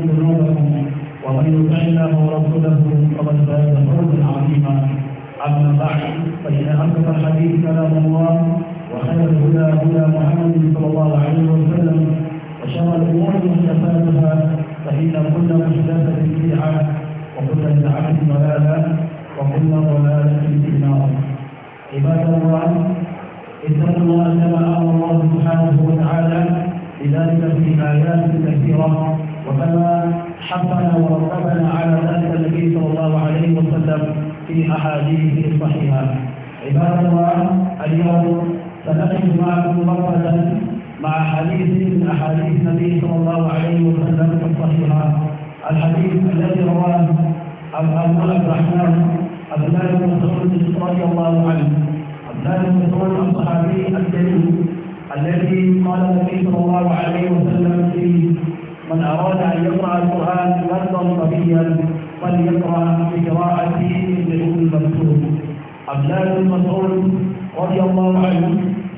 ذنوبكم ومن يطع الله ورسوله فقد فاز فوزا عظيما اما بعد فان اصدق الحديث كلام الله وخير الهدى هدى محمد صلى الله عليه وسلم وشر الامور محدثاتها فان كل محدثه بدعه وكل بدعه ضلاله وكل ضلاله في النار عباد الله اتقوا الله كما امر الله سبحانه وتعالى لذلك في ايات كثيره وكما حثنا وربنا على ذلك النبي صلى الله عليه وسلم في احاديثه الصحيحه عباد الله اليوم سنقف معكم مرة مع حديث من أحاديث النبي صلى الله عليه وسلم الصحيحة الحديث الذي رواه أبو عبد الرحمن عبد الله بن مسعود رضي الله عنه عبد الله بن مسعود الصحابي الكريم الذي قال النبي صلى الله عليه وسلم في من أراد أن يقرأ القرآن فرضاً صبيا فليقرأ بقراءة ابن المكتوب عبد الله بن مسعود رضي الله عنه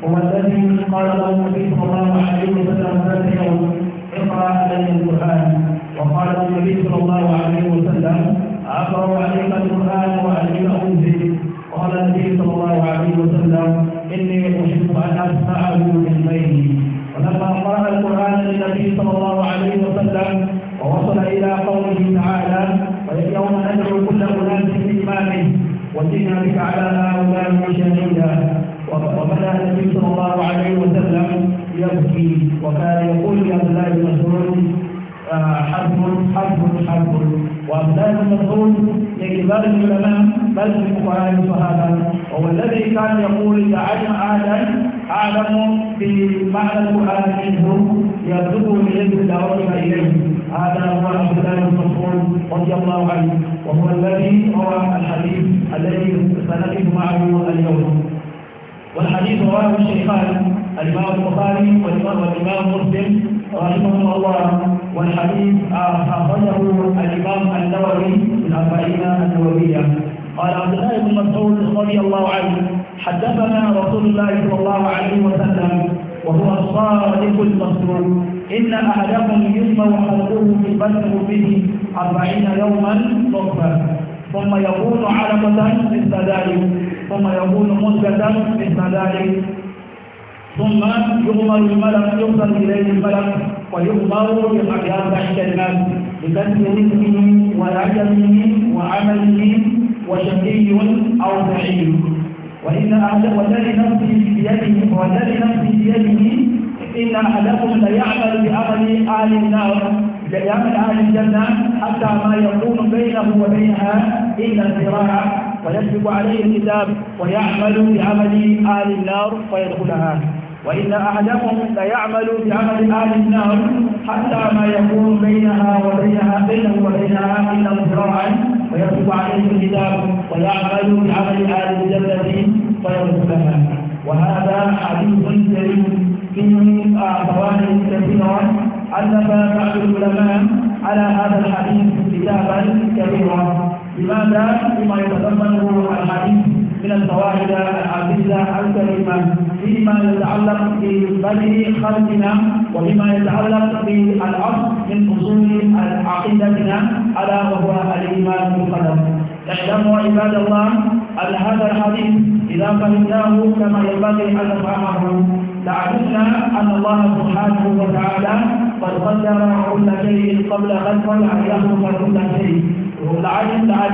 هو الذي قال له النبي صلى الله عليه وسلم ذات يوم اقرأ علي القرآن وقال النبي صلى الله عليه وسلم أقرأ عليك القرآن وعليك به قال النبي صلى الله عليه وسلم إني أحب أن أسمعه من بيني ولما قرأ القرآن للنبي صلى الله ووصل إلى قوله تعالى ويوم ندعو كل أناس بإمامه وجئنا بك على هؤلاء شهيدا وبدا النبي صلى الله عليه وسلم يبكي وكان يقول يا بلال مسعود آه، حرب حرب حزم مسعود من كبار العلماء بل من كبار الصحابة وهو الذي كان يقول إذا علم أعلم بمعنى القران منه يرزقه بيد الدعوة إليه هذا هو عبد الله بن مسعود رضي الله عنه وهو الذي روى الحديث الذي سنقف معه اليوم والحديث رواه الشيخان الإمام البخاري والإمام مسلم رحمه الله والحديث أخرجه الإمام النووي من اربعين النووية قال عبد الله بن مسعود رضي الله عنه حدثنا رسول الله صلى الله عليه وسلم وهو الصادق المصدوق إن أحدكم يسمع خلقه في بدر به أربعين يوما نطفة ثم يكون علقة مثل ذلك ثم يكون مدة مثل ذلك ثم يؤمر الملك يوصل إليه الملك ويؤمر بأربع كلمات بكسر رزقه وعجمه وعمله وشقي أو سعيد وإن أعلم والذي نفسي بيده والذي نفسي بيده إن أحدكم ليعمل بعمل أهل النار ليعمل أهل الجنة حتى ما يكون بينه وبينها إلا الذراع ويسبق عليه الكتاب ويعمل بعمل أهل النار فيدخلها وإن أحدكم ليعمل بعمل أهل النار حتى ما يكون بينها وبينها بينه وبينها إلا الذراع ويكتب عليه الكتاب ويعمل بعمل اهل الجنه لها وهذا حديث كريم فيه فوائد كثيره الف بعض العلماء على هذا الحديث كتابا كبيرا لماذا؟ لما يتضمنه الحديث من الفوائد العزيزة الكريمة فيما يتعلق ببدء خلقنا وفيما يتعلق بالأصل من أصول عقيدتنا ألا وهو الإيمان بالقدر اعلموا عباد الله أن هذا الحديث إذا فهمناه كما ينبغي أن نفهمه لعلمنا أن الله سبحانه وتعالى قد قدر كل شيء قبل أن يخلق كل شيء ولعلمنا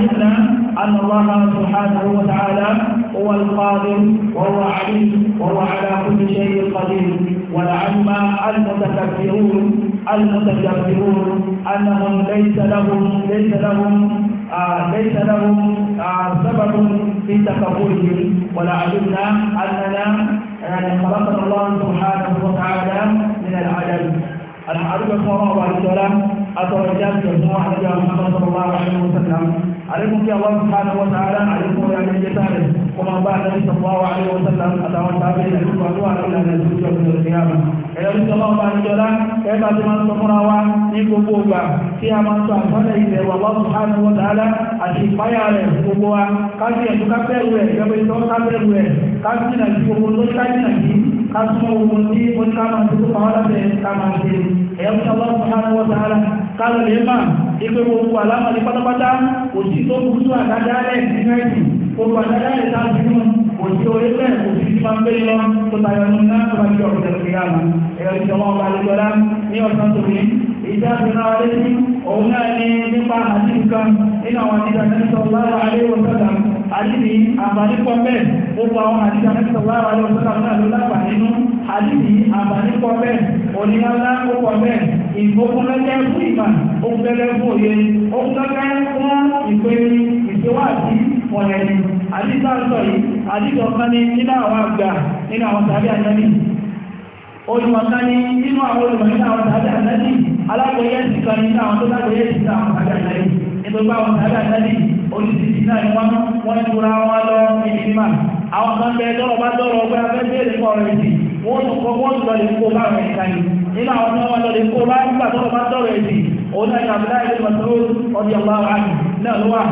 أن الله سبحانه وتعالى هو القادر وهو عليم وهو على كل شيء قدير ولعما المتكبرون المتكبرون أنهم ليس لهم ليس لهم آه ليس لهم آه سبب في تكبرهم ولعلمنا أننا يعني خلقنا الله سبحانه وتعالى من العدم العدم الصلاة والسلام أترجى الله عليه محمد صلى الله عليه وسلم àlékún kí àwọn sùpánà wọn tààrà àlékún ọ̀rẹ́ àgbẹ̀jẹta rẹ̀ kó máa bá àdáyé sọ̀kọ́wà àléwọ̀ sọ̀tà àtàwọn tààrà àlékún àlọ́ àlọ́ àlọ́ ìjọ ìjọ ìyàmà ẹ̀yọ́ ní sọ́mọ́ ọba àjọlá ẹ̀ bá ti máa ń sọ fúnra wa ní gbogbo ìgbà tí a máa ń sọ àtọ́lẹ̀ ìbẹ̀rù àwọn sùpánà wọn tààrà àti ìpáyà rẹ̀ gbogbo wa káàkiri ẹ̀dùn kábẹ́rù rẹ̀ ìjọba ìtọ́ kábẹ́rù rẹ̀ káàkiri nàìjí gbogbo ló káàkiri nàìjí kásùmọ̀ gbogbo ní oníkàmọ̀ ìpè gbogbo alámọ̀lé pátápátá kò sí tó kú tó àdájálẹ̀ nínú ẹ̀sìn gbogbo àdájálẹ̀ tá a ti mú kò sí orí bẹ́ẹ̀ kò sí máa ń gbé lọ tó tayọ nínú náà tó bá ti ọ̀rọ̀ tẹ̀lé ìyá mi ẹ̀rọ ìjọba ọba àlejòlá ní ọ̀sán tòní ìjà ìrìnà wa létí òun náà ní nípa àti nǹkan nínú àwọn àdìgbà tẹ́lẹ̀ sọ lára alẹ́ ìwòsàdà àdìní àǹfààní pọ̀ bẹ́ẹ̀ gbogbo àwọn àdìgbà tẹ́lẹ̀ sọ lára alẹ́ ìwòsàdà náà ló lágbà nínú àdìní àǹfààní pọ̀ bẹ́ẹ̀ òní ńlá ó pọ̀ bẹ́ẹ̀ ìfowópamẹ́kẹ́ fún ìmọ̀ òkúlẹ́kẹ́ fún òye òkúlẹ́kẹ́ fún ìpéyìn ìṣèwádìí fún ẹni àdìsá yìí àdìsọ ní nínú àwọn àgbà nínú àwọn tàbí àtẹ́bí olùmọ̀ ní nínú àwọn olùmọ̀ nínú àwọn tàbí kan nínú àwọn tó àwọn tàbí nítorí àwọn tàbí ni nínú àwọn ọmọ wọn lọ́lẹ̀ kó bá nígbà tó bá sọ̀rọ̀ ẹ̀sìn òun náà ní abdullahi bin masoud ọdí allahu anhu náà ló wà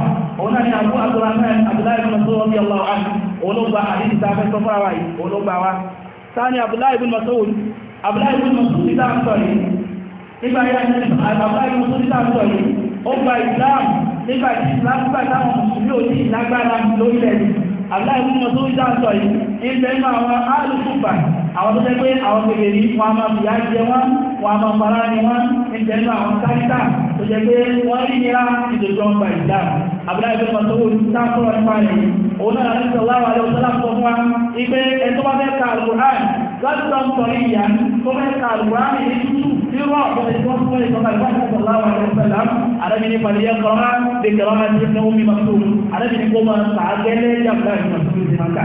òun náà ní abu abdulrahman abdullahi bin masoud ọdí allahu anhu òun ló gba àdìsí tá a fẹ́ sọ fún àwa yìí òun ló gba wa. sani abdullahi bin masoud abdullahi bin masoud ti dáa sọ yìí nígbà yẹn abdullahi bin masoud ti dáa sọ yìí ó gba islam nígbà tí islam gbà táwọn mùsùlùmí ò ní ìlágbára lórílẹ̀ yìí abdullahi bin masu ìjà ń sọ yìí ìgbẹ́ inú àwọn alùpùpà àwọn tó jẹ́ pé àwọn kékeré wọn a máa fìyà jẹ wọn wọn a máa fara ni wọn ìgbẹ́ inú àwọn sáyíta tó jẹ́ pé wọ́n rí nira ìdòdó ọgbà ìjà abdullahi bin masu ìjà ń sọ̀rọ̀ nípa rẹ̀ òun náà ní sọ̀rọ̀ àwọn àlọ́ lọ́jọ́ sọ̀rọ̀ ìyá tó fẹ́ ka àlùkùránì ní tútù nírú ọ̀pọ̀ tí wọ́n fún ẹ̀sọ́ ká ìwádìí sọ̀rọ̀ láwọn ẹ̀rọ sẹ̀lá àrẹ́bí ní pàdéyà kọ́ra lè kẹ́rọ máa ti fẹ́ omi màtó àrẹ́bí ní kó máa ta gẹ́lẹ́ yàgbá ìmọ̀tòkè ti máa ká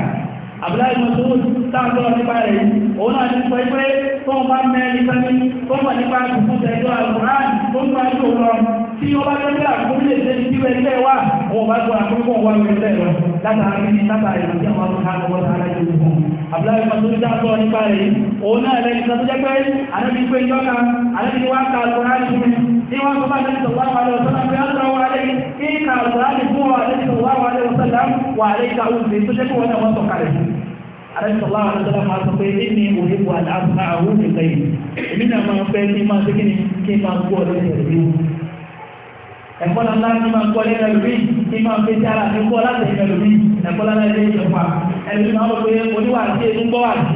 àbúlá ìmọ̀tòkè táwọn sọ̀rọ̀ nípa rẹ̀ òun náà ti sọ pé tó ń bá mẹ́ nípa ní tó ń bá nípa àtúntò ẹ̀jọ́ àlùkùránì tó ń bá ní òun rọ tí ó bá gẹ́gẹ́ àkókò lè ṣe ti rẹ̀ ilé wa òun bá gbọ́ àkókò wọn wá lórí ilé lọ abdullahi masudi ta sọ nípa rẹ̀ òun náà lẹ́yìn tó jẹ́ pé anábì pé yọ́ka anábì ni wá ka alukóraní fún mi ní wọ́n tó bá lẹ́yìn tó wá wà lẹ́yìn tó náà pé alukóraní wà lẹ́yìn kí ka alukóraní fún wa lẹ́yìn tó wá wà lẹ́yìn tó náà wà lẹ́yìn ká oúnjẹ tó jẹ́ pé wọ́n náà wọ́n sọ̀ kalẹ̀ anábì sọ̀rọ̀ àwọn ọ̀dọ́ máa sọ pé ní òye bu àdáàbò àwọn òun ti ẹ̀kọ́ náà ńlá ní máa kọ́ ní ẹlòmí ní máa fi sára ní kọ́ láti ẹlòmí ẹ̀kọ́ lára ilé ìjọba ẹlòmí máa wọ pé oníwà àti ètò ń bọ́ wà sí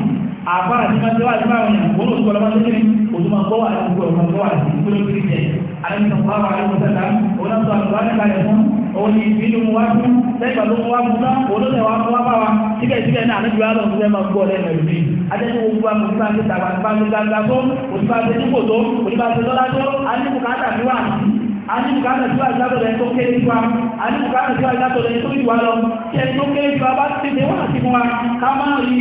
àbá àti máṣe wà sí máa wọ̀nyí òun òtún ọlọ́mọ tó kiri òtún máa gbọ́ wà sí gbọ́ ọ̀rọ̀ gbọ́ wà sí gbọ́dọ̀ kiri jẹ alẹ́sọ̀kọ́ àwọn alẹ́sọ̀kọ́ òun náà sọ àgbà nípa rẹ̀ fún òun ni ìbínú mu wá fún lẹ́gbàá ló mu wá fún náà olóòtú wa fún wá bá wa síbẹ̀síbẹ̀ náà alẹ́ jùlọ àwọn ọ̀sẹ̀ máa gbọ́ lẹ́nu ẹ̀mí adẹ́nu wo bá musa ti tàbá ti bá ti gbàgbà tó òtún bá ti dípò tó òtún bá ti lọ́lá tó alẹ́ kò ká tàbí wà sí àní bùkátà tí wàá ìjátọ̀ lẹ́yìn tó kéré tiwa àní bùkátà tí wàá ìjátọ̀ lẹ́yìn tó yíwa lọ tí ẹni tó kéré tiwa bá tètè wá sí fún wa ká má rí ní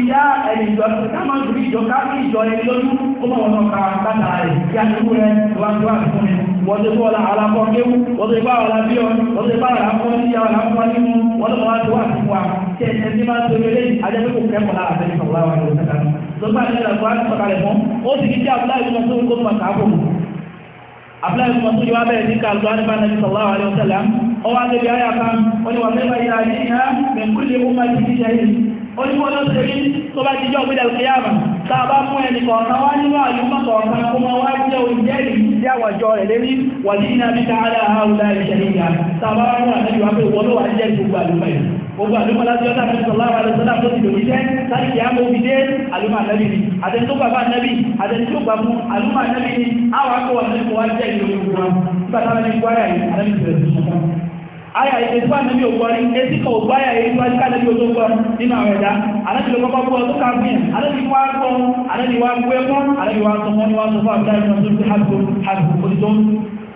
ìyá ẹni ìjọ ká má rí ìjọ ká ní ìjọ ẹni lójú kó mọ̀ wọn ká bàtà rẹ̀ kí a ti kú rẹ̀ wá sí wá sí fún mi. wọ́n ti bọ́ ọ̀la alákọ̀ kéwù wọ́n ti bá ọ̀la bí ọ wọ́n ti bá ọ̀la fún ní ìyá ọ̀la fún ní mu wọ́n ti bọ́ wá sí wá sí fún wa tí ẹni tí máa ń tó lélẹ́yìn ajẹ́pẹ́kù abúlé ìfún ọtún yóò abẹ́rẹ́ ní kàlùkù àdìbá nàbí sallallahu alaihi wasallam ó wá débi ayé àkàn ó ní wàá mẹ́fà ìlà àdìyàn mẹ́kúlẹ̀ ó máa ti di jẹ́ yìí ó ní tó bá ti jọ́ ògbé tá a bá mú ẹnì kọ̀ọ̀kan wá nínú àyùmọ̀ kọ̀ọ̀kan kó máa wá jẹ́ olùjẹ́rìí sí àwàjọ rẹ̀ lérí wàlí iná bí ká ara àwùdá ìṣẹ̀lẹ̀ ìyá tá a bá wá mú àlejò wá pé wọ́n ló wà jẹ́ gbogbo àlùmọ̀ yìí gbogbo àlùmọ̀ láti ọ̀dà àti sọ̀lá wa lọ́sọ̀dà tó ti lò níṣẹ́ láti kí á mọ òbí dé àlùmọ̀ ànábì ni àtẹni tó gbàgbọ́ ànábì àtẹni tó gbàgbọ́ àlùmọ̀ ànábì ni àwọn akọ̀wà ànábì kò wá jẹ́ ìlú gbogbo wọn nígbà táwọn ẹni gbọ́ àyà yìí ànábì àyà yìí etí fáànà mi ò gbọ́ rí etí kan ò gbọ́ àyà yìí wájú ká lẹ́bi ojú gbọ́ nínú àwọn ẹ̀dá alábi ló kọ́kọ́ gbọ́ tó kàn fún alábi wá gbọ́ alábi wá gbé mọ́ alábi wá tó mọ́ ni wá tó fún abudulayi náà tó fi hàbù hàbù kòtò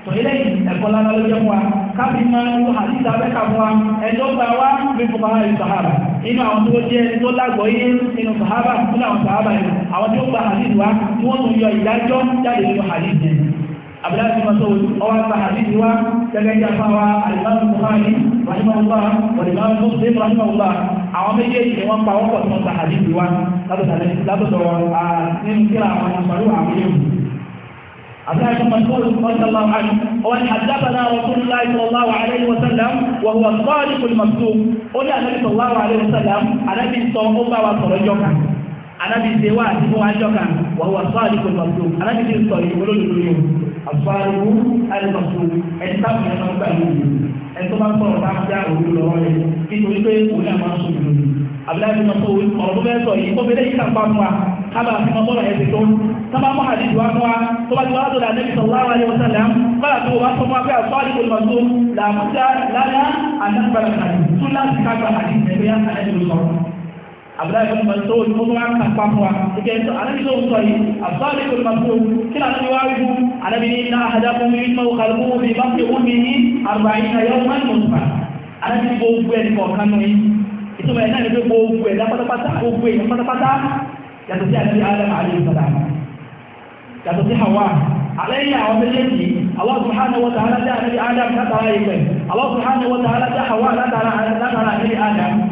tò eléyìí ẹ̀kọ́ lára ló jẹ́ fún wa káfí máa wa ẹ̀dọ́ gba wa bí fọkàrà yìí sàhábà inú àwọn tó jẹ́ tó lágbọ́ yé nínú sàhábà nínú àwọn sàhábà wa tí wọ́n tún yọ ìdájọ́ jáde nínú àdìsí yẹn abdullahi masoud ọwọ́ àgbà àdìsí wa gẹ́gẹ́ bí afáwa alimami buhari rahimahullah wàlimami muslim rahimahullah àwọn méjèèjì ni wọ́n pa wọ́n pọ̀ tí wọ́n gba àdìsí wa látọ̀dọ̀ nínú kíra àwọn ìpàdé àwọn yẹn عبد الله بن مسعود رضي الله عنه وان حدثنا رسول الله صلى الله عليه وسلم وهو الصادق المصدوق قل النبي صلى الله عليه وسلم على بن صوم وصرجوكا alábi ṣe wá àti fún wájọ́ kan wà wà sọ́ọ̀lì kò lọ́sọ̀ alábi ṣe sọ ìwé olódodo yòó àfọwárò alẹ́mọ̀sọ̀ ẹni táwọn ẹ̀rọ gbà lóde ẹni tó bá ń sọ̀rọ̀ bá ń dá òwú lọ́wọ́ rẹ̀ nítorí pé òun náà máa ń sọ òdodo abúláyé ma sọ ọ̀rọ̀ tó fẹ́ sọ yìí tó fẹ́lẹ́ yìí kàpá fún wa kábà fi ma sọ̀rọ̀ ẹ̀sìn tó sábà mọ́ àdìsí wa fún wa tó bá ti wá tó làdé sọ wá wáyé wọn sàlám bára tó wá sọ fún àtọ́ àdìsí olùmọ̀ tó làmúta lálẹ́ àdàgbàrà kàdì tó láti kágbà àdìsí ẹgbẹ́ àdìsí olùsọ̀rọ̀ abdullahi bin masoud mo wá ń kapa fún wa ike ń sọ anabi tó ń sọ yìí abdullahi bin masoud kí lànà ni wá wí fún anabi ní iná ahadákun mi ìmọ̀ òkàlùkù mi bá fi omi ní àrùbá yìí náà yọ̀ọ́ máa ń mọ̀ fà anabi ní gbogbo ẹ̀ nípa ọ̀kan nù yìí ìtumọ̀ ẹ̀ náà ni pé gbogbo ẹ̀ dá pátápátá gbogbo ẹ̀ pátápátá yàtọ̀ sí anabi adam alayhi salam yàtọ̀ sí hawa àlẹ́yìn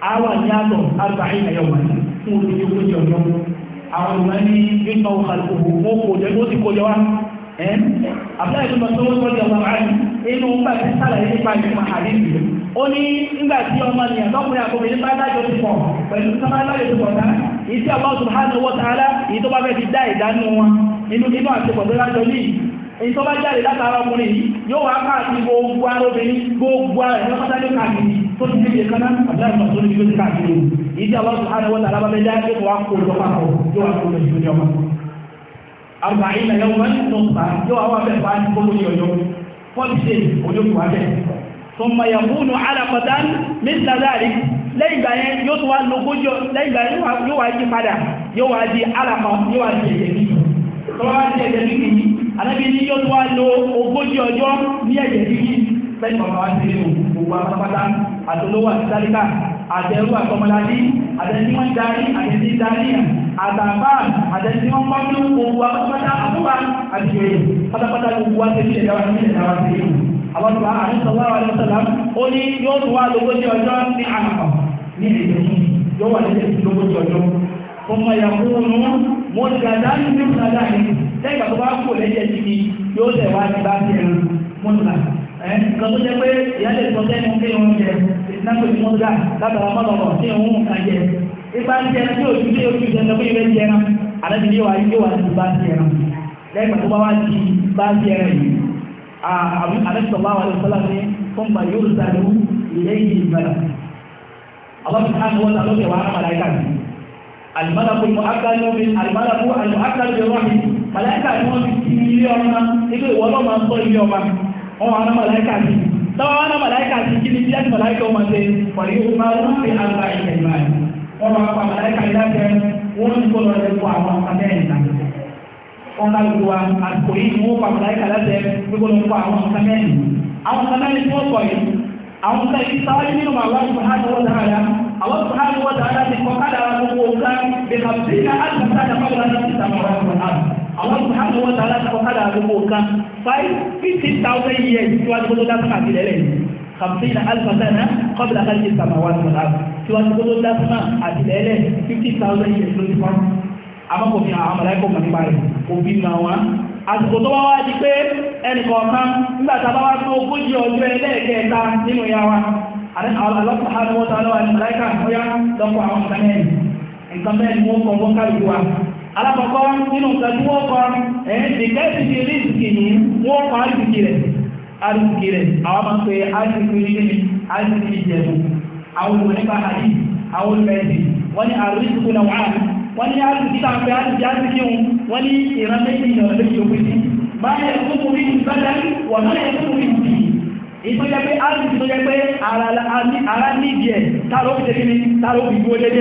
awa yàtọ̀ arba'ina yawman fún oṣù tó kọjá ọjọ́ àwọn ìwà ní nípa òkàlùkù ó kò jẹ́ ó ti kọjá wa àbúrò ìdúgbò tó wọ́n kọjá wa báyìí inú ńgbà tí sàlàyé nípa ìgbìmọ̀ àdébì ó ní ńgbà tí ọmọ nìyàn lọ́kùnrin àkọ́bí nípa dájọ́ ti pọ̀ pẹ̀lú sábà dájọ́ ti pọ̀ tá ìdí Allah subhanahu wa ta'ala èyí tó bá fẹ́ fi dá ìdánú wọn inú inú àtẹ̀pọ̀ tó dájọ́ yìí èyí tó bá jáde látara ọkùnrin yìí yóò wá káàkiri gbogbo ará obìnrin gbogbo ará ìfẹ́ pátá ní káàkiri tó ti gbé kaná àbúrò àti màsó ní ibi káàkiri yìí tí aláwọ̀ sùhánà wọ́n tààlà bá bẹ jáde wà kó lọ papọ̀ yóò wà kó lọ sí ojú ọmọ. àgbà yìí lẹ́yìn wọn ní tó fà yóò wà bẹ fà ní kóló yọ yọ fọ́ọ̀tì ṣe ojú kò wá bẹ. sọmọ yakunu alakọta mẹsìlá dáàrí lẹ́yìn ìgbà yẹn yóò tún wá lógójọ lẹ́yìn ìgbà yẹn yóò wá yí padà yóò wá di alakọ yóò wá di ẹ̀jẹ̀ bíi tọ́wọ́ wá di ẹ̀jẹ̀ bíi yìí alábi ní yóò tún wá lo ogójì ọjọ́ ní ẹ̀jẹ̀ bíi lẹ́yìn bàbá wa ti rí òkú gbogbo apáta àtolówó àti tálíkà àtẹrú àtọmọlájí àtẹni wọn darí àtẹni darí àtàbá àtẹni wọn pàmò owó apátápátá àbúwá àti ìwé pátápátá gbogbo wa tẹbi ẹ̀dá wa tẹbi ẹ̀dá wa tẹbi àwọn tó bá àdúgbò wa wà lọ́sọ̀lá ó ní yóò tún wá lógójì ọjọ́ ní àmàkọ́ ní èdè yìí yóò wà lẹ́sẹ̀ sí lógójì ọjọ́ ọmọ ìyàwó ọ̀nà wọn gàdá ní ìlú gàdá ní lẹ́yìn àtọ́wá kò lẹ́yìn ẹ̀jì ni yóò tẹ̀ wá ní bá nǹkan tó jẹ́ pé ìyá lè sọ sẹ́nu pé òun jẹ ìsìnáàpẹ̀ tí wọ́n gbà látara mọ́lọ́mọ́ tí òun ń kan jẹ ipa ń jẹ tí òjú tí òjú jẹ lọ́pọ̀ ìrẹ́ jẹ ẹran àlejò yóò wá yóò wá sí báàsì ẹran lẹ́gbàá tó bá wá di báàsì ẹran yìí àbí àlejò tó bá wà lọ́sọ́ láti fún bàyí yóò sàlù ilé yìí ìbàdà alábi káàkiri wọn sàlù kẹwàá àmàlàkà alimadaku alimadaku alimadaku alimadaku yọrọ mi malayika ni wọn ti ti ilé ọmọ ilé ìwọlọmọ sọ ilé ọmọ wọn wà ná màláìkà sí táwọn wà ná màláìkà sí kí ni bí láti màláìkà wọn ṣe wàlí ìwé máa ń fi àgbà ìṣẹ̀ ìmọ̀ ẹ̀ wọn bá pa màláìkà yìí láti ẹ wọn ti kó lọ rẹ fún àwọn àtẹ ìlà wọn bá lu wa àtò yìí wọn pa màláìkà láti ẹ gbogbo lọ fún àwọn àtẹ ìlà àwọn àtẹ ìlà tí wọn kọ yìí àwọn àtẹ ìlà sáwájú nínú màlúwà subhanahu wa ta'ala àwọn subhanahu wa ta'ala ti kọ káàdà wa gbogbo nǹkan bẹ̀rẹ̀ àti àwọn ìbáàmù wọn tààlà ti kọ́kádà àgbègbè nǹkan five fifty thousand years síwájú kótó dá sáà sílẹ̀ lẹ́yìn kàmsínà alifasana kọ́bìlà káàkiri sàmáwá sọ̀rọ̀ síwájú kótó dá sáà àtìlẹ́lẹ̀ fifty thousand years ló ti fọ́n àmọ́ kò fi hàn àwọn mọ̀láìkọ̀ mọ̀ nípa rẹ̀ òbí nà wọn àsìkò tó bá wá di pé ẹnìkọ̀ọ̀kan nígbà tá a bá wá tó ogójì ọjọ́ ẹlẹ́ẹ̀kẹta nínú ìyá wa alọ́pàá ni wọ́n ta lọ́wọ́ àti mọ̀láìkà ọ̀yá lọ́pọ̀ àwọn nǹkan mẹ́rin nǹkan mẹ́rin wọ́n kọ̀ wọ́n káyọ̀ wa alákọ̀ọ́kọ́ nínú nǹkan tí wọ́n kọ́ ẹ̀yìn dìkẹ́sì ti rí ìsìnkì ní wọ́n kọ́ àìsìnkì rẹ̀ àìsìnkì rẹ̀ àwọn máa ń pe àìsìnkì ní àìsìnkì ìjẹ̀bù àwọn olùwọ̀ nípa àyè àwọn olùmẹ̀sì wọ́n ní àrísìnkì náà wà wọ́n ní àìsìnkì tá a fẹ́ àìsìnkì àìsìnkì wọ́n ní ìran méjì ìyàn méjì òkú sí báyẹ̀ tó kú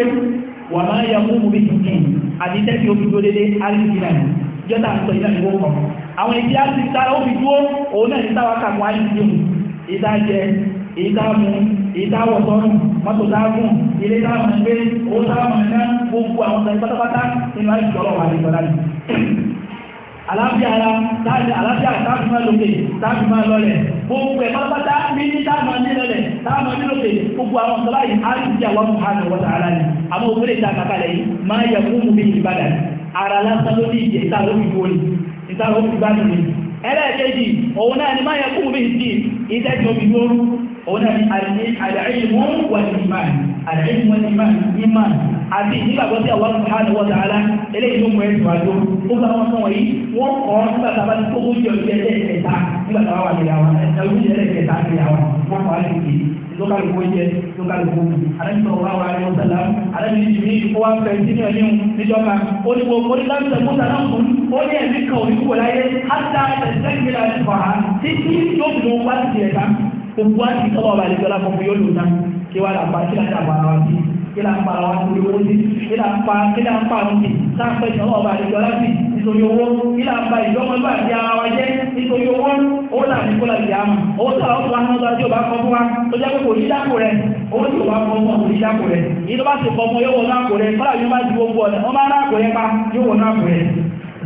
bí wà máa yà mú mú bí tuntun àti tẹ́sí omi tó dédé àríkì náà jọ́tà ń sọ ìlà ìwọ kan àwọn èdè àti ìtara ó fi dúró òun náà ìtawà kàkọ́ àríkì mu ìta jẹ ìta mu ìta wọ̀tọ́nù mọ́tò dáàbùn ilé dáàbùn gbé owó dáàbùn náà gbogbo àwọn ọ̀sán pátápátá nínú àríkì ọlọ́wà àríkì ọ̀lá àlàáfíà ara táàbí àlàáfíà táàbí máa lòkè táàbí máa lọlẹ̀ gbogbo ẹ̀ pátápátá ní ní táàbí máa ní lọlẹ̀ táàbí máa ní lòkè gbogbo àwọn ọ̀sán báyìí á ti di àwọn mùhánà wọ́tà ara ni àwọn òkúlé ìta kàkàlẹ̀ yìí máa yẹ fún mi ìbàdàn ara lásán ló ní ìjẹ ìta ló fi gbó ni ìta ló fi gbá mi ni ẹlẹ́ẹ̀kejì òun náà ni máa yẹ fún mi ìdí ìtẹ́jọ́ mi òun náà ni àdàìmù wàlìmá àdàìmù wàlìmá ìmá àti nígbàgbọ́ sí àwọn subhanahu wa ta'ala eléyìí ló mú ẹ̀ tó àjò ó bá wọn sọ̀rọ̀ yìí wọ́n kọ́ nígbà tá a bá ti kókó jọ ìjẹ́ ẹ̀ẹ́dẹ́gbẹ̀ta nígbà tá a wà nílẹ̀ àwọn ẹ̀ẹ́dẹ́gbẹ̀ta nílẹ̀ àwọn wọ́n kọ́ àti ìdí lókàlù kó jẹ lókàlù kó mu alẹ́sọ̀rọ̀ wa wà lẹ́wọ̀n sẹ́la alẹ́sọ̀rọ̀ jìbí kó wá fẹ́ sínú ẹ̀mí mu níjọba ó ní wo orí lásìkò mọ́tà náà fún ó ní ẹ̀mí kan òní kúkọ̀ láyé á ta ẹ̀sẹ̀ gbéra ẹ̀ fà á títí yóò mú wá sí ẹ̀ta gbogbo wa ti tọ́lọ̀ balẹ̀ tọ́lá fún yóò lò náà kí wàá làpá kí làá dàgbà ara wa sí kí làá pa ara wa sí owó sí kí làá pa kí làá pa àwọn sí náà pẹ́ tọ́lọ̀ balẹ̀ tọ́lá sí nítorí owó kí làá pa ìjọba àti ara wa jẹ́ nítorí owó owó náà ní kó làbí àmà owó tí àwọn ọ̀sán náà tí o bá kọ́ fún wa tó jẹ́ pé kò ní dáko rẹ̀ owó tí o bá kọ́ fún wa kò ní dáko rẹ̀ yìí tó bá ti kọ́ fún yóò wọ náà kò rẹ̀ kọ́lá yóò bá ti gbogbo ọ̀dẹ̀ wọ́n bá náà kò rẹ̀ pa yóò wọ náà kò rẹ̀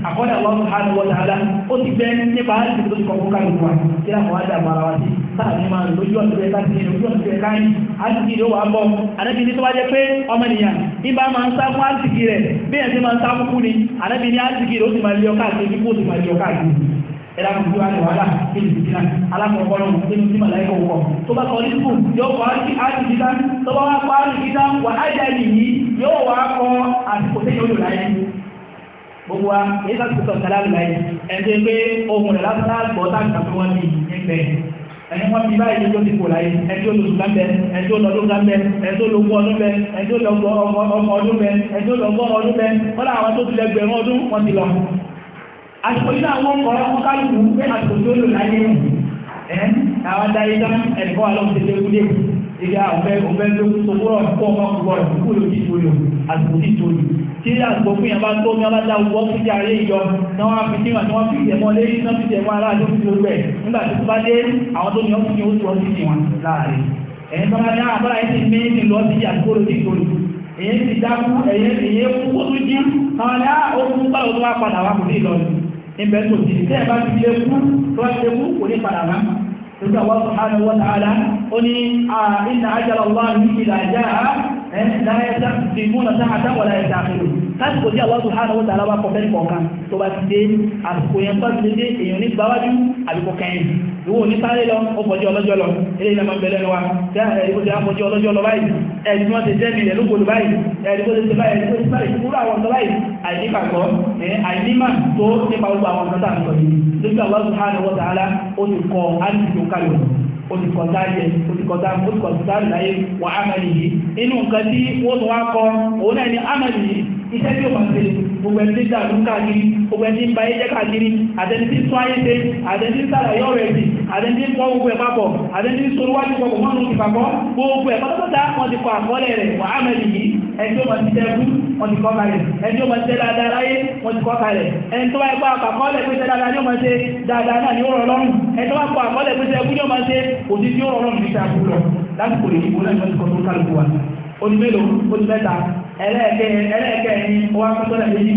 àkọ́dà wọn hàn wọ́n dáadáa ó ti bẹ́ nípa àti tó ti kọ́ fún kálukú wa kí láwọn wá dàgbà ara wa sí sáàbí máa lò lójú ọ̀sẹ̀ ẹ̀ka sí lójú ọ̀sẹ̀ ẹ̀ka yìí àtìkì ló wà bọ̀ ànábi ní tó wá jẹ́ pé ọmọ ènìyàn ibà máa ń sá fún àtìkì rẹ̀ bí ẹ̀ ti máa ń sá fún kúni ànábi ní àtìkì rẹ̀ ó ti máa lé ọkà àti kíkó ti máa lé ọkà àti ẹ̀dá kò tó àti wàhálà kí ni ìdílé alákọ̀ọ́kọ́ náà nínú tí màláyé kò wọ̀ tó bá kọ́ ní sùkúl yóò kọ́ àtìkì tán tó bá wá kọ́ àtìkì tán wà á jẹ́ nìyí yóò wá kọ́ àtìkò tẹ́yìn olùláyé gbogbo wa èyí ká sọ̀tọ̀ kàlámù láyé ẹ̀ńtẹ́ pé ohun rẹ̀ lásán àgbọ̀ tá a fi wọ́n ní ẹgbẹ́ ẹni wọ́n fi báyìí lójó ti kò láyé ẹni tó lòdù lábẹ́ ẹni tó lọ́dún lábẹ́ ẹni tó lọ́gbọ́ ọdún bẹ́ ẹni tó lọ́gbọ́ ọmọ ọdún bẹ́ ẹni tó lọ́gbọ́ ọdún bẹ́ wọ́n lọ àwọn tó ti lẹ́gbẹ̀rún ọdún wọ́n ti lọ. àsìkò yìí àwọn ọkọ̀ ọkọ̀ kálukú pé àsìkò tó lò láyé ẹ̀ àwọn adarí dán ẹ̀kọ́ àlọ́ ìyá ọ̀fẹ́ ọ̀fẹ́ ló ń sọ wọ́n kọ́ ọmọ kúrọ̀ ìdúkú ló ti tóyò àsìkò ti tóyò tí àsìkò fún yẹn bá tó ní ọlọ́dà wọ́n fi jẹ́ ayé ìjọ náà wọ́n á fi kí wọn tí wọ́n fi jẹ́ mọ́ lẹ́yìn náà fi jẹ́ mọ́ aráàlú fi ló bẹ̀ nígbà tó bá dé àwọn tó ní ọ́n fi oṣù ọtí ti wọn láàrin ẹ̀yìn tọ́lá ní àbúrò ayé ti mí ní lọ́ọ́ ti jẹ́ àsìkò ló ti tóyò èyí ti dákú èyí kú kó tún jí àwọn ní ọkùn báwo tó wá padà wá kò ní ìlọrin ìbẹ̀tò ti tẹ́ ẹ bá ti lé kú tó ti lé kú kò ní padà wá nígbà wọ́n subhanahu wa ta'ala ó ní inna ajala Allahi idha jaa láyé sáà ti múnà sáà táwọn láyé sáà lásìkò tí àwọn ọdún hàn wọ́n aláwọ̀ kọfẹ́ nìkọ̀ọ̀kan tó bá ti dé àsìkò yẹn tó ti dé èèyàn ní gbáwájú àbíkọ kẹyìn ìwọ ní sáré lọ ó fọjú ọlọ́jọ́ lọ eléyìí náà máa ń bẹ lẹ́nu wa tí ẹ̀ríkó ti á fọjú ọlọ́jọ́ lọ báyìí ẹ̀rí tí wọ́n ti jẹ́mi rẹ̀ lóko báyìí ẹ̀ríkó ti báyìí ẹ̀ríkó ti báyìí kúrò àwọn ọ̀dọ́ báyìí àìníkàkọ́ àìnímà tó nípa gbogbo àwọn ọ̀dọ́ tà ń sọ yìí lójú àwọn ọdún hàn wọ́n tààlà ó ti kọ àdìsí òkàlù olùkọ̀dá yẹ olùkọ̀dá olùkọ̀dá láyé wà ámàlì yìí inú nǹkan tí wọ́n tún wá kọ òun náà ni ámàlì yìí iṣẹ́ tí o máa ṣe gbogbo ẹni tí ń dàrú káàkiri gbogbo ẹni tí ń ba ẹjẹ́ káàkiri àtẹni tí ń tún ayé ṣe àtẹni tí ń sàlàyé ọ̀rọ̀ ẹ̀sìn àtẹni tí ń pọ́ gbogbo ẹ̀ papọ̀ àtẹni tí ń sọ wájú papọ̀ mọ́nu ti papọ̀ gbogbo ẹ̀ pátápátá wọ́n ti kọ àkọọ́lẹ̀ rẹ̀ wà á mẹ́lì yìí ẹni tí ó máa ti tẹ́ ẹkú wọ́n ti kọ́ kalẹ̀ ẹni tí ó máa ti tẹ́ dáadáa láyé wọ́n ti kọ́ kalẹ̀ ẹni tó bá yẹ àkọọ́lẹ̀ pé dáadáa ni ó máa ṣe dáadáa náà ni ó rọ̀ lọ́rùn ẹni tó bá kọ àkọọ́lẹ̀ pé tẹ́ ẹkú ni ó máa ṣe òtítí ó rọ̀ lọ́rùn ní ìta àbúrò lásìkò ìdìbò náà ni wọ́n ti kọ́ tó kálukú wa onímélòó onímẹ́ta ẹlẹ́ẹ̀kẹ́ ní ọwá pẹ́sọ́lá méjì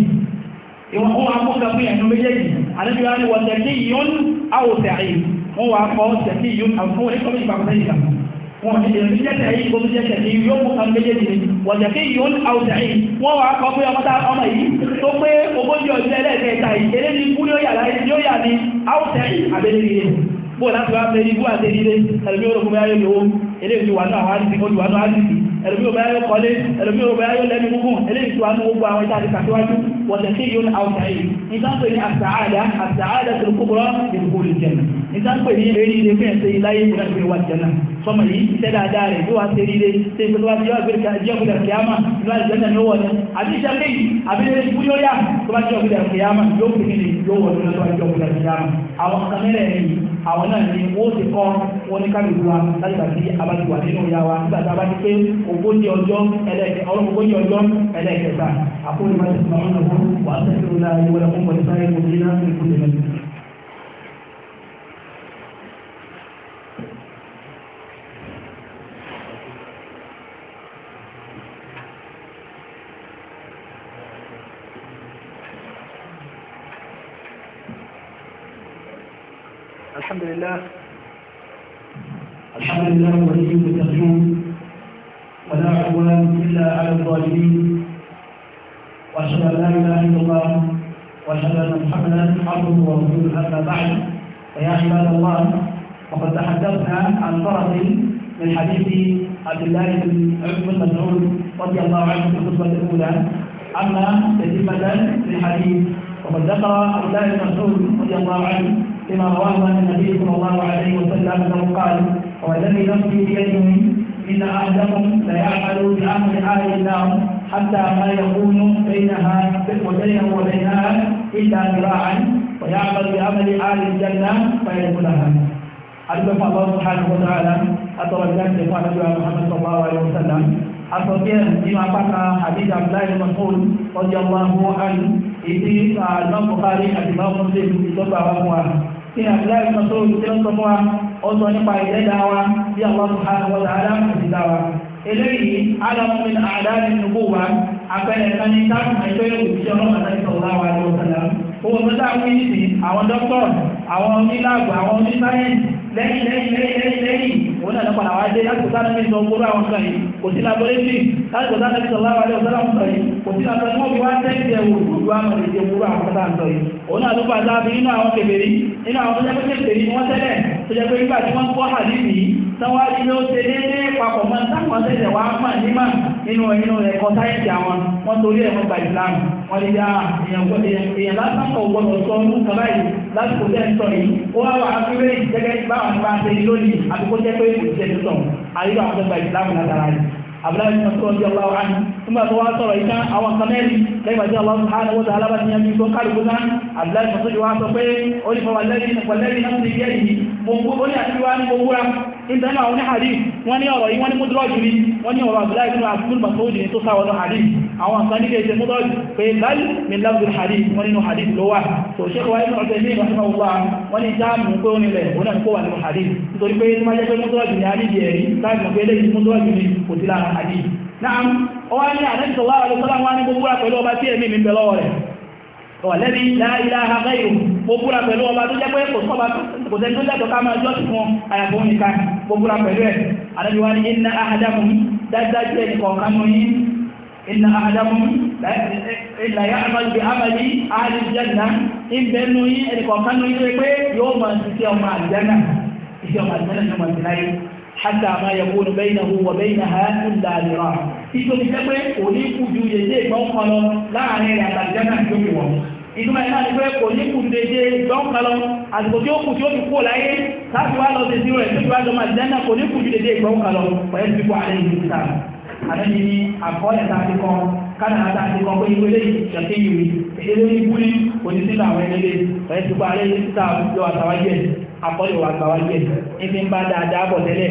ìwọ̀n wọ́n wá kó kàfún ẹ̀nu méjèèjì àdébí wá ní wọ́n tẹ̀kí yún àwòtẹ̀ àyè wọ́n wá kọ́ tẹ̀kí yún àwọn oníkọ́mí ìpàkọ́sẹ́ ìgbà wọn ti dèrò níjẹ́ tẹ̀ yìí gbogbo jẹ́ tẹ̀lé yóò mú kan méjèèjì ni wọ́n jẹ́ kí yóò àwùjá yìí wọ́n wàá kọ́ pé ọmọdé ọmọ yìí tó pé ogójì ọjọ́ ẹlẹ́ẹ̀kẹta yìí eré ní kú yóò yàrá yóò yà ní àwùjá yìí abẹ́lé yìí bó láti wá pé ibú àti ilé ẹ̀lẹ́mí ológun bá yẹ lówó eré ìlú wà náà wá ní olùwà náà á sì ẹlòmí ò bá yọ kọ́lé ẹlòmí ò bá yọ lẹ́nu gúngùn eléyìí tó wà ní gbogbo àwọn ìtàdí kàtíwájú wọ̀tẹ̀sí yóò àwùjá yìí ìtànpè ní àṣàáda àṣàáda tó kúkúrọ́ ìdìbò ìjẹ̀nà sọmọ yìí iṣẹ́ dáadáa rẹ̀ yóò wá ṣe rí rẹ̀ ṣe ìpínlẹ̀ wá jẹ́ ọ̀gbẹ̀rẹ̀ jẹ́kùdà kìáma ìlú àìsàn ní owó rẹ̀ àbí iṣẹ́ kéyì àbí ilé ìkú yóò yá tó bá jẹ́ ọ̀gbẹ̀rẹ̀ kìáma yóò fi ní yóò wọ̀ lórí ọjọ́ ìjọba kìáma àwọn kàmẹ́rẹ̀ ni àwọn náà ni wọ́n ti kọ́ wọn ní kábíyèsí wa láti gbà sí abájúwà nínú ìyá wa nígbà tá a bá ti pé ogójì ọjọ́ ẹlẹ́ẹ̀kẹ́ ọlọ́mọ ogójì ọjọ́ ẹlẹ́ẹ̀kẹta àkóyè máa ti sọ̀rọ̀ náà wọ́n wà á sẹ́kẹ̀rọ̀ láàyè wọlé fún pọ̀lẹ́sáré kò ní náà لله الحمد لله وليه التقييم ولا عدوان إلا على الظالمين وأشهد أن لا إله إلا الله وأشهد أن محمدا عبده ورسوله أما بعد فيا عباد الله وقد تحدثنا عن طرف من حديث عبد الله بن عمر مسعود رضي الله عنه في الخطبة الأولى أما تتمة لحديث وقد ذكر عبد الله بن مسعود رضي الله عنه لما رواه عن النبي صلى الله عليه وسلم انه قال: والذي نفسي بيدهم ان ادم ليعمل بامر حال النار حتى ما يكون بينها وبينه وبينها الا ذراعا ويعمل بامر حال الجنه فيدخلها. أدلف الله سبحانه وتعالى أتوجه لإخوان الله محمد صلى الله عليه وسلم أتوجه لما فقع حديث عبد الله بن مسعود رضي الله عنه إذ قال المقهى لحديث الله مسلم في صفة ní abdullahi masoud tí ó sọ fún wa ó sọ nípa ìdẹ́dá wa bí Allah subhanahu wa ta'ala ti dá wa eléyìí alamu min àdáni nùgbò wa apẹ̀lẹ̀ kan ní táàmù ẹgbẹ́ òkú tí ọlọ́mọ náà sọ̀rọ̀ wa lọ́sọ̀lá owó mẹ́ta wíìsì àwọn dókítọ̀rù àwọn onílàgbà àwọn onísáyẹ́ǹsì lẹ́yìn lẹ́yìn lẹ́yìn lẹ́yìn òun náà lọ́pàá àwọn adé láti kòtà náà sọ gbogbo àwọn nǹkan yìí kò sí laboratory láti kòtà náà sọ láwọn adé ọ̀sán àwọn nǹkan yìí kò sí laboratory wọ́n fi wá tẹ́sí ẹ̀wò gbogbo àwọn èdè gbogbo àwọn kọ́tà ń sọ yìí òun náà ló fà sáà bí nínú àwọn kèfèrí nínú àwọn tó jẹ́ pé kèfèrí ni wọ́n tẹ́lẹ̀ tọ́wájú ló ṣe déédé papọ̀ mọ́ táwọn ṣẹ̀ṣẹ̀ wá mà nímà nínú inú ẹ̀kọ́ sáyẹ́ǹsì àwọn wọ́n torí ẹ̀ wọ́n gba ìsìlámù wọ́n lè ya èèyàn lásán kan gbọ́dọ̀ sọ ọdún kaba yìí lásìkò tẹ́ ń sọ yìí ó wá wà ákúrẹ́ ìjẹ́gẹ́ báwọn bá ṣe lónìí àbíkó jẹ́ pé kò jẹ́ tuntun àyíká àwọn tó gba ìsìlámù látara yìí abdullahi bin masu ọjọ́ ọlọ́wọ́ àní nígbà tó wá sọ̀rọ̀ ìtàn àwọn nǹkan mẹ́rin lẹ́gbàá tí ọlọ́run ha lọ́wọ́ tó alábàtí yẹn bí tó kálukú náà abdullahi masu ọjọ́ wá sọ pé ó ní fọwọ́ lẹ́yìn náà náà ti yẹ́ yìí mo ní àti wá ní mo wúra ìbẹ̀lú àwọn ní hadith wọ́n ní ọ̀rọ̀ yìí wọ́n ní múdúrọ̀jù ní wọ́n ní ọ̀rọ̀ àbúláì fún àbúrú masoòdì ní tó sáwọ́nà hadith àwọn nǹkan nílé ìṣẹ́ múdúrọ̀jù pé láì min lábùl hadith wọ́n nínú hadith ló wà tó ṣe wáyé ní ọ̀sẹ̀ ní ìgbàsíwá wọ́n ní dáàmù pé ó nílẹ̀ ó náà kó wà nínú hadith nítorí pé tó máa jẹ́ pé múdúrọ̀jù ní hadith ẹ̀rí láì mọ̀ pé ọ̀lẹ́bí láìlá àgbẹ́yò mo búra pẹ̀lú ọba tó jẹ́ pé kò sọ́ba kò tẹ́ tó lẹ́tọ̀ọ́ ká máa jọ́sìn fún àyàfó nìka mo búra pẹ̀lú ẹ̀ àdájúwá ní iná àhádámù dájájú ẹ̀ kọ̀ọ̀kan nù yín iná àhádámù ìlàyà àmàlùbí àmàlì àhàlìjẹ́nà ìbẹ̀ nù yín ẹnì kọ̀ọ̀kan nù yín pé yóò ìtumọ̀ ẹ̀ náà ni pé kò ní kùn dédé dọ́ǹkà lọ àsìkò tí ó kù tí ó ti kú láyé láti wá lọ dédé rẹ̀ nígbà tó máa dẹ́nà kò ní kùn dédé dọ́ǹkà lọ pẹ̀lú fífọ́ àlẹ́ ìlú ta àlẹ́ni ní àkọọ́lẹ̀ tá a ti kọ́ kánàlá tá a ti kọ́ pé ìwé lè ṣẹ̀kẹ́ ìwé èdè ní ibú ní onísílẹ̀ àwọn ẹlẹ́lẹ́ pẹ̀lú fífọ́ àlẹ́ ìlú ta lọ àtàwájẹ́ àkọọ́lẹ̀ wà àtàwájẹ́ ibi ń bá dáadáa bọ̀ tẹ́lẹ̀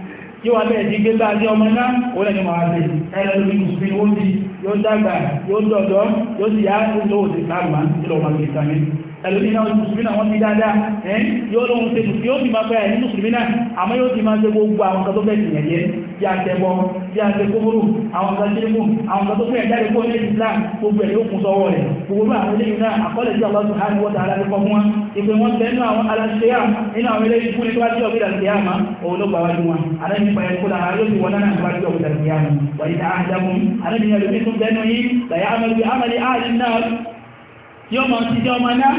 yóò wá bẹ́ẹ̀ di gbé bá ní ọmọ náà ó lẹ́nu máa ṣe ẹ̀rọ lórí mùsùlùmí ó ń di yóò dàgbà yóò dọ̀dọ̀ yóò sì yá ó lówó sí káàmù ẹlòmínà mùsùlùmí náà wọ́n ti dáadáa ẹ́ yóò lóhun ṣe mùsùlùmí yóò ti máa fẹ́ ẹ̀yìn mùsùlùmí náà àmọ́ yóò ti máa ṣe gbogbo àwọn kan tó fẹ́ tìyàn jẹ bí a tẹ bọ bí a tẹ kókóró àwọn kan tẹ́lẹ̀ mú àwọn kan tó fẹ́ jáde kó ní Islam gbogbo ẹ̀ yóò kún sọ́wọ́ rẹ̀ gbogbo àwọn eléyìí náà àkọọ́lẹ̀ tí Allah subhanahu wa ta'ala fún wọn ìpè wọn tẹ yóò mọ̀ ṣiṣẹ́ ọmọ náà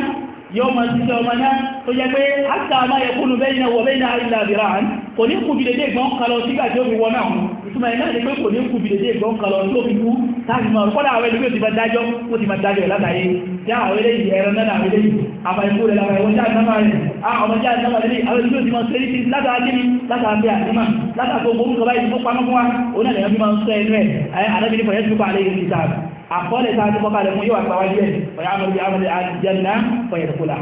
yóò mọ̀ ṣiṣẹ́ ọmọ náà tó jẹ́ pé àtà àmà ẹ̀kúnnù bẹ́yìn náà wọ̀ bẹ́yìn náà ilẹ̀ àbírà hàn kò ní kù bìdèdè ìgbọ́n kalọ̀ sígbà tí ó fi wọ náà ìtumọ̀ ẹ̀ náà ni pé kò ní kù bìdèdè ìgbọ́n kalọ̀ tí ó fi kú láti mọ̀ kọ́dà àwọn ẹlẹ́gbẹ́ ti máa dájọ́ ó ti máa dájọ́ látàyé já sí látàá kíni náà àkọọ́lẹ̀ tá a ti kọ́kàlẹ̀ fún yóò àgbàwájú ẹ̀ ọ̀yá àmọ́lẹ̀ àmọ́lẹ̀ àjẹ́nà fọ̀yẹ̀dẹ̀kọ́lá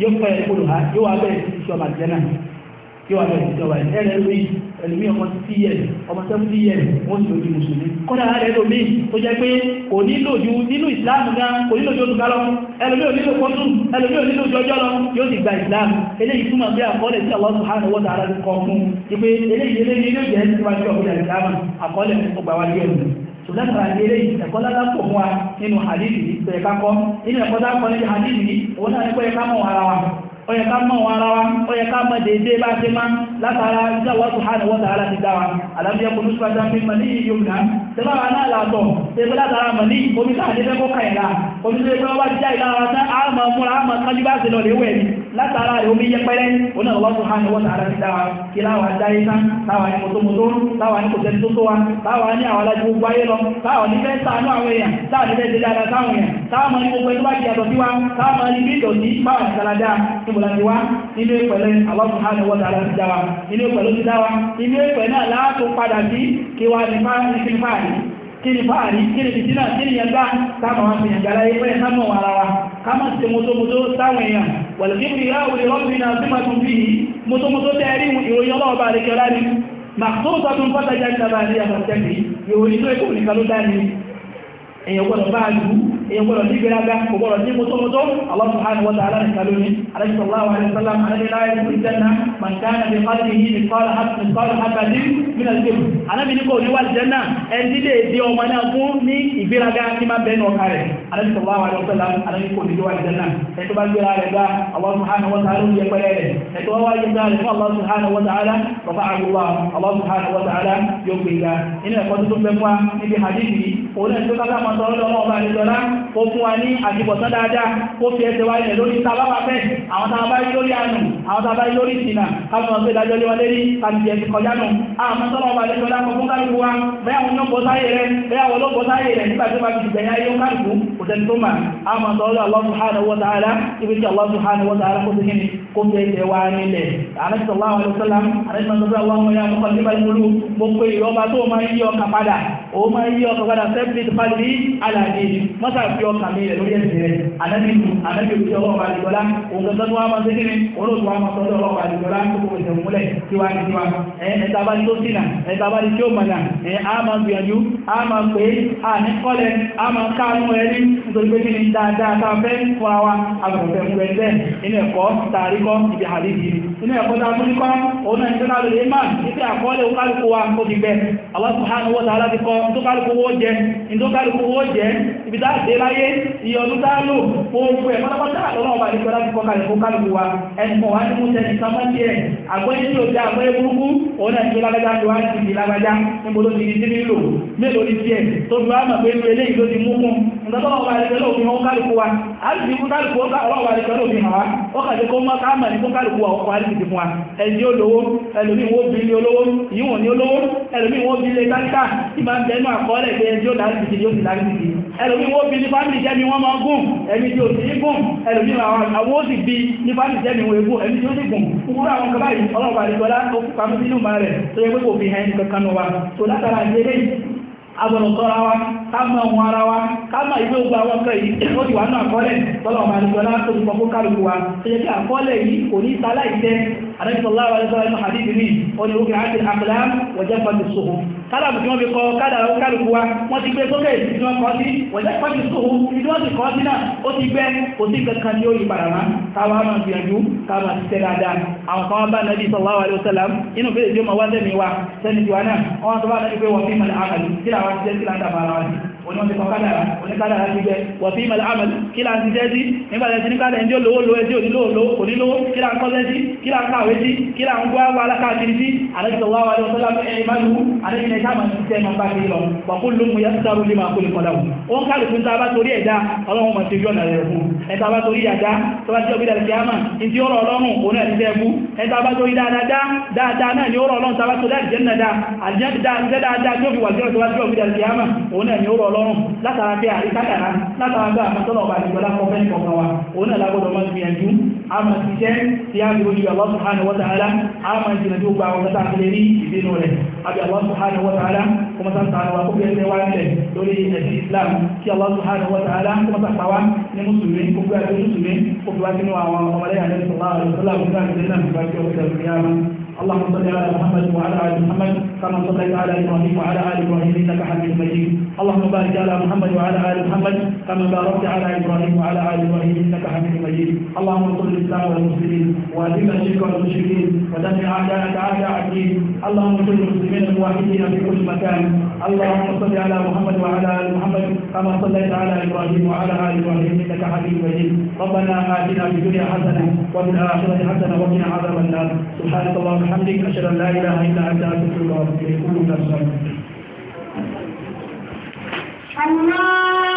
yóò fọ̀yẹ̀dẹ̀kọ́lá yóò wá bẹ̀rẹ̀ sí ìṣọ́mà jẹ́nà yóò wá bẹ̀rẹ̀ sí ìṣọ́mà ẹlẹ́rìí ẹlòmí ọmọ tí yẹ ọmọ sẹ́fúndì yẹ wọ́n ti lòdì mùsùlùmí kọ́dà rẹ̀ lómi tó jẹ́ pé kò nílò ju nínú ìsìláàmù náà kò nílò ju olùkà lọ ẹlòmí ò nílò kọ́tù ẹlòmí ò nílò ju ọjọ́ lọ yóò ti gba ìsìláàmù eléyìí túmọ̀ bí àkọọ́lẹ̀ tí àwọn subhanahu sùlẹ́mù àdéhùn ẹ̀kọ́ lára kò wa nínú àdéhùn yìí pé ẹ̀ka kọ́ nínú ẹ̀kọ́ a kọ́ òun náà ní pé ẹ̀ka mọ̀ ara wa ó yẹ ká mọ̀ ara wa ó yẹ ká mọ̀ bá ti látara ìjà wà tó hàn wọ́n tààrà ti dáwà alábíyá kò lóṣù bàjá fi màní yóò nà tẹ́lá wà náà làtọ̀ tẹ́lá látara màní omi náà ní fẹ́ kọ́ kàyẹ̀lá omi tó yẹ kí wọ́n bá já ìlà ara tán àmà múra àmà kájú bá ṣe lọ lè wẹ̀ látara rẹ̀ omi yẹ pẹ́rẹ́ oní àwọn tó hàn wọ́n tààrà ti dáwà kí láwa já yé tán táwa ní mọ́tòmọ́tò táwa ilé pẹ̀lẹ́ Allah subhanahu wa ta'ala ti dá wa ilé pẹ̀lú ti dá wa ilé pẹ̀ náà láàtò padà sí kí wá ní fáàrí kí ni fáàrí kí ni fìtínà kí ni yẹn bá táwọn àti yẹn gbára ẹgbẹ́ yẹn sámọ̀ ara wa ká má ti mọ́tòmọ́tò táwọn èèyàn wàlùkíbi ráwùrí rọ́bìnà sí máa tún fi mọ́tòmọ́tò tẹ́ẹ̀rí ìròyìn ọlọ́ọ̀bá àríkẹ́ọ́lá ni màtòótọ́ tún fọ́tàjà ìjàmbá àríyàmọ̀ tẹ́ẹ̀rí ìròyìn tó ẹ̀kọ́ nìkan ló dá ní èèyàn gbọ́dọ̀ bá a lù ú èyàn gbọ́dọ̀ ní gbéraga kò gbọ́dọ̀ ní mọ́tọ́mọ́tọ́ Allah subhanahu wa ta'ala nìkan lónìí alayhi sallallahu alayhi wa sallam alayhi la yẹ kúrì jẹ́nà màkàna bí pàṣẹ yìí ní kọ́lá hàtì kọ́lá hàtàdì mìnà sèbù anábì ní kò ní wà jẹ́nà ẹni lè di ọmọ náà ní ìgbéraga tí máa bẹ́ẹ̀ nọ̀ọ́ka rẹ̀ alayhi sallallahu alayhi ní wà jẹ́nà ẹni tó bá gbéra rẹ̀ gbá Allah subhanahu wa ta'ala yẹ pẹ́rẹ́ rẹ̀ ẹni tó wá wáyé gbá rẹ̀ fún Allah subhanahu wa ta'ala rọ̀fà àgùwà Allah subhanahu wa ta'ala yóò gbé ga inú ẹ̀kọ́ tuntun bẹ́ òun náà tó káká máa sọ̀rọ̀ lọ́wọ́ ọba àdìjọ́lá ó fún wa ní àdìbọ̀tán dáadáa ó fi ẹsẹ̀ wáyé lórí sábà wà fẹ́ àwọn tá a bá rí lórí àánú àwọn tá a bá rí lórí ìsìnà káfí wọn pé dájọ́ lé wọn lérí káfí ẹ̀ ti kọjá nù àwọn sọ̀rọ̀ ọba àdìjọ́lá kọ fún kálukú wa bẹ́ẹ̀ àwọn yóò bọ́ sáyé rẹ bẹ́ẹ̀ àwọn ló bọ́ sáyé rẹ nígbà tó bá O ma yí ọkọ̀ padà sẹ́pìlì pàdé alàdé mọ́sà fi ọkà mi rẹ̀ lórí ẹ̀sìn rẹ̀ anábìlú anábìlú tí ọlọ́ọ̀bà àdìgbọ́lá òun kan tọ́jú wa máa ṣe kíni òun wa máa tọ́jú ọlọ́ọ̀bà àdìgbọ́lá tó kò tẹ̀ múlẹ̀ tí wàá nìyí wa ẹ̀ẹ́ta bá ní tó sínà ẹ̀ẹ́ta bá ní tí ó mọ̀nà ẹ̀ á máa gbìyànjú á máa pè é á ní kọ́lẹ̀ á máa káàánú ẹni nítorí pé kíni dáadáa tá fẹ́ fúnra wa àgbọ̀fẹ́ mú ẹ bẹ́ẹ̀ inú ẹ̀kọ́ tààrí ibi àdìsí inú ẹ̀kọ́ tá a tún ní kọ́ òun náà ní tó ní pé àkọọ́lẹ̀ òkàlùkù wa ó ti bẹ́ẹ̀ Allah subhanahu wa ta'ala ti kọ́ ọdún tó kálukú owó jẹ ìdó kálukú owó jẹ ibi tá a dé láyé iye ọdún tá a lò gbogbo ẹ̀ pátápátá ọlọ́run bá nípa láti kọ́ kálukú kálukú wa ẹnì kan wá ní mú tẹ́lẹ̀ sọ́mọ́ sí ẹ̀ àgbẹ̀yìn tí o ti àgbẹ̀yẹ burúkú òun náà ti lágbájá ló wá ti di lágbájá níbo ló ti di sí nílò mélòó ni tiẹ̀ tó fi wá mọ̀ pé inú eléyìí ló ti mú kún nígbà tó ọlọ́run bá nípa lóòfin wọn kálukú wa á sì fi kú kálukú ọlọ́run bá nípa lóòfin hàn wá ó kàdé kó mọ́ ká mọ̀ ní kó kálukú wa ọkọ̀ àdìsí fún wa ẹni olówó ẹlòmíì wọ́n bí ilé olówó ìyíwọ̀n ní olówó ẹlòmíì wọ́n bí ilé táníkà tí máa ń bẹ bẹ́nu àkọọ́lẹ̀ pé ẹni tí ó láríbìtì yóò sì láríbìtì ẹlòmí wó bí ní fámìlì jẹ́mi wọ́n máa gùn ẹni tí ó sì ní gùn ẹlòmí àwọn ó sì bí ní fámìlì jẹ́mi wọ́n egún ẹni tí ó sì gùn kúkúrú àwọn kan báyìí ọlọ́pàá àdìgbọ́lá ó pamọ́ sínú ma rẹ̀ tó yẹ pé kò fi hàn kankan wa tó látara ìdílé agbọ̀nọ̀tọ́ra wa ká mọ̀ ohun ara wa ká mọ̀ ìwé ogun àwọn ọkọ̀ yìí ó ti wà náà àkọọ́lẹ̀ tọ́lọ̀ ọmọ àdìgbọ́lá tó ti pọ̀kó kálukú wa tó yẹ kí àkọọ́lẹ̀ yìí kò ní sáláì tẹ́ àdájọ́ láwàlẹ́sọ́lá inú àdìgbì mi ó ní ó kìí àti àpẹlá wọ̀jẹ́ pàtó sóhun kálàmù tí wọ́n fi kọ kálùkù wa wọ́n ti gbé sókè tí wọ́n kọ́ sí wẹ̀lẹ́ pọ́jù sóhù tí wọ́n ti kọ́ sí náà ó ti gbẹ́ kò sí kankan ní òyìn padà máa káwa máa gbìyànjú káwa máa ti tẹ́lá dáa àwọn kan wọ́n bá nàbí sallallahu alaihi wasallam inú bẹ́ẹ̀ tí ó máa wá sẹ́mi wa sẹ́mi tiwa náà wọ́n tó bá nàbí pé wọ́n fi mọ̀ oníwọ̀n kọ́kádàrà oníkádàrà ti jẹ́ wọ̀fí ìmọ̀lá àmàlì kí là ń ti jẹ́ sí nígbàtẹ̀ sí nígbàtẹ̀ ẹni olówó lówó ẹjí onílòòlò onílòó kí là ń kọ́ lẹ́sí kí là ń kàwé sí kí là ń gbọ́ alákàkiri sí àlẹ́sọ̀wọ́ wà lọ́sọ́lá ẹ̀ẹ́mánú àlẹ́sìnlẹ̀ sáàmà ti tẹ́ máa bá kiri lọ pọ̀kú ló mú yásítàrú lè máa a bá torí ẹ̀dá ọlọ́run mọ̀ sí yọ̀nà rẹ̀ fún ẹ̀ta bá torí ẹ̀dá tó bá tí ó gbéra kìá mà ní tí ó rọ̀ ọlọ́run òun ẹ̀rí tẹ́ fún ẹ̀ta bá torí dáadáa dáadáa náà ni ó rọ̀ ọlọ́run tá a bá torí àlìjẹ́ náà dáa àlìjẹ́ dáadáa tó fi lọ́rùn látara bí àríkàtàrà látara bí àmọ́tọ́lọ̀ ọba àdìgbọ́lá kọfẹ́ nìkọ̀ọ̀kan wa òun náà lágbọ́dọ̀ máa gbìyànjú a máa ṣiṣẹ́ tí a gbèrò yìí Allah subhanahu wa ta'ala a máa jìnà tí ó gba ọ̀gá tàà lè rí ìbínú rẹ̀ àbí Allah subhanahu wa ta'ala kuma san sàánù wa kókè ẹsẹ̀ wa nílẹ̀ lórí ẹ̀sìn Islam kí Allah subhanahu wa ta'ala kuma san sàwa ní mùsùlùmí kókè àti mùsùlùmí kókè wá sínú àwọn ọmọlẹ́yà lẹ́sọ̀lá àlùsọ́lá àlùsọ́lá àlùsọ́lá àlùsọ́lá àlùsọ́lá اللهم صل على محمد وعلى ال محمد كما صليت على ابراهيم وعلى ال ابراهيم انك حميد مجيد اللهم بارك على محمد وعلى ال محمد كما باركت على ابراهيم وعلى ال ابراهيم انك حميد مجيد اللهم على الاسلام والمسلمين واذل الشرك والمشركين ودمر اعداءك اعداء الدين اللهم على المسلمين الموحدين في كل مكان اللهم صل على محمد وعلى ال محمد كما صليت على ابراهيم وعلى ال ابراهيم انك حميد مجيد ربنا اتنا في الدنيا حسنه وفي الاخره حسنه وقنا عذاب النار سبحانك اللهم وبحمدك اشهد ان لا اله الا انت استغفرك واتوب اليك كل الله